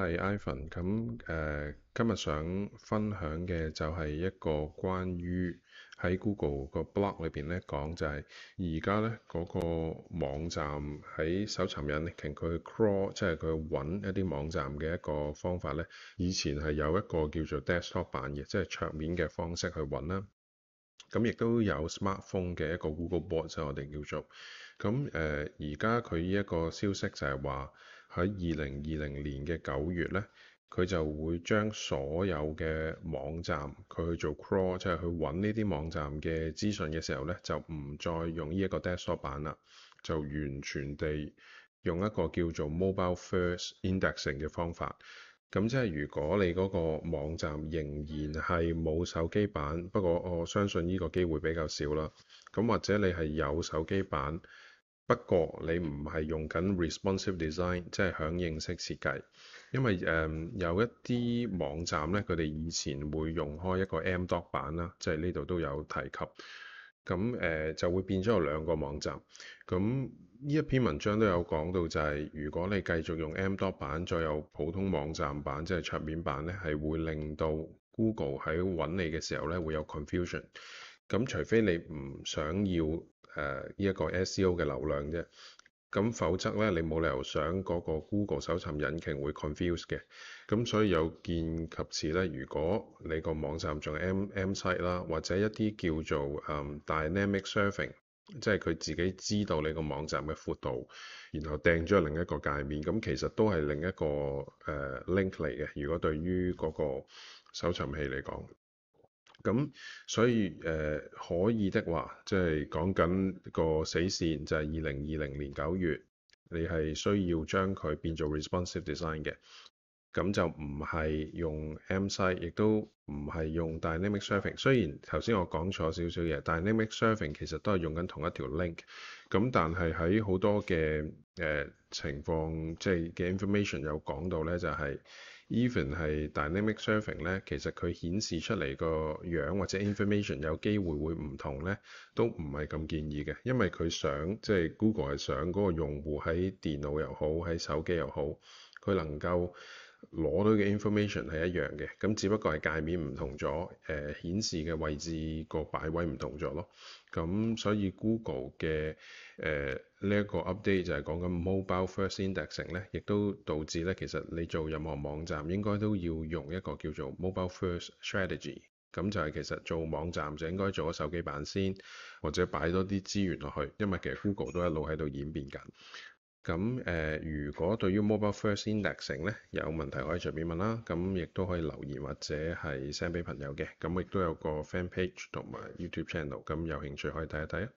係 Ivan，咁誒、呃、今日想分享嘅就係一個關於喺 Google 個 blog 裏邊咧講就係而家咧嗰個網站喺搜尋引擎佢去 crawl，即係佢去揾一啲網站嘅一個方法咧。以前係有一個叫做 desktop 版嘅，即係桌面嘅方式去揾啦。咁亦都有 smartphone 嘅一個 Google Board 就我哋叫做。咁誒而家佢呢一個消息就係話。喺二零二零年嘅九月呢，佢就會將所有嘅網站佢去做 crawl，即係去揾呢啲網站嘅資訊嘅時候呢，就唔再用呢一個 desktop 版啦，就完全地用一個叫做 mobile-first indexing 嘅方法。咁即係如果你嗰個網站仍然係冇手機版，不過我相信呢個機會比較少啦。咁或者你係有手機版。不過你唔係用緊 responsive design，即係響應式設計，因為誒、嗯、有一啲網站咧，佢哋以前會用開一個 m dot 版啦，即係呢度都有提及。咁誒、呃、就會變咗有兩個網站。咁呢一篇文章都有講到、就是，就係如果你繼續用 m dot 版，再有普通網站版，即、就、係、是、桌面版咧，係會令到 Google 喺揾你嘅時候咧會有 confusion。咁除非你唔想要。誒依一個 SEO 嘅流量啫，咁否則咧你冇理由想嗰個 Google 搜尋引擎會 confuse 嘅，咁所以有見及此咧，如果你個網站仲係 m m site 啦，或者一啲叫做誒、um, dynamic serving，即係佢自己知道你個網站嘅闊度，然後掟咗另一個界面，咁其實都係另一個誒、uh, link 嚟嘅。如果對於嗰個搜尋器嚟講。咁所以誒、呃、可以的話，即係講緊個死線就係二零二零年九月，你係需要將佢變做 responsive design 嘅。咁就唔係用 m site，亦都唔係用 dynamic serving。雖然頭先我講錯少少嘢，但 dynamic serving 其實都係用緊同一條 link。咁但係喺好多嘅誒情況，即係嘅 information 有講到咧，就係。even 係 dynamic serving 咧，其實佢顯示出嚟個樣或者 information 有機會會唔同咧，都唔係咁建議嘅，因為佢想即係、就是、Google 係想嗰個用戶喺電腦又好，喺手機又好，佢能夠。攞到嘅 information 係一樣嘅，咁只不過係界面唔同咗，誒、呃、顯示嘅位置個擺位唔同咗咯。咁所以 Google 嘅誒呢、呃、一、這個 update 就係講緊 mobile first indexing 咧，亦都導致咧其實你做任何網站應該都要用一個叫做 mobile first strategy，咁就係其實做網站就應該做咗手機版先，或者擺多啲資源落去，因為其實 Google 都一路喺度演變緊。咁誒、呃，如果對於 Mobile First Indexing 咧有問題，可以隨便問啦。咁亦都可以留言或者係 send 俾朋友嘅。咁亦都有個 Fan Page 同埋 YouTube Channel。咁有興趣可以睇一睇啊！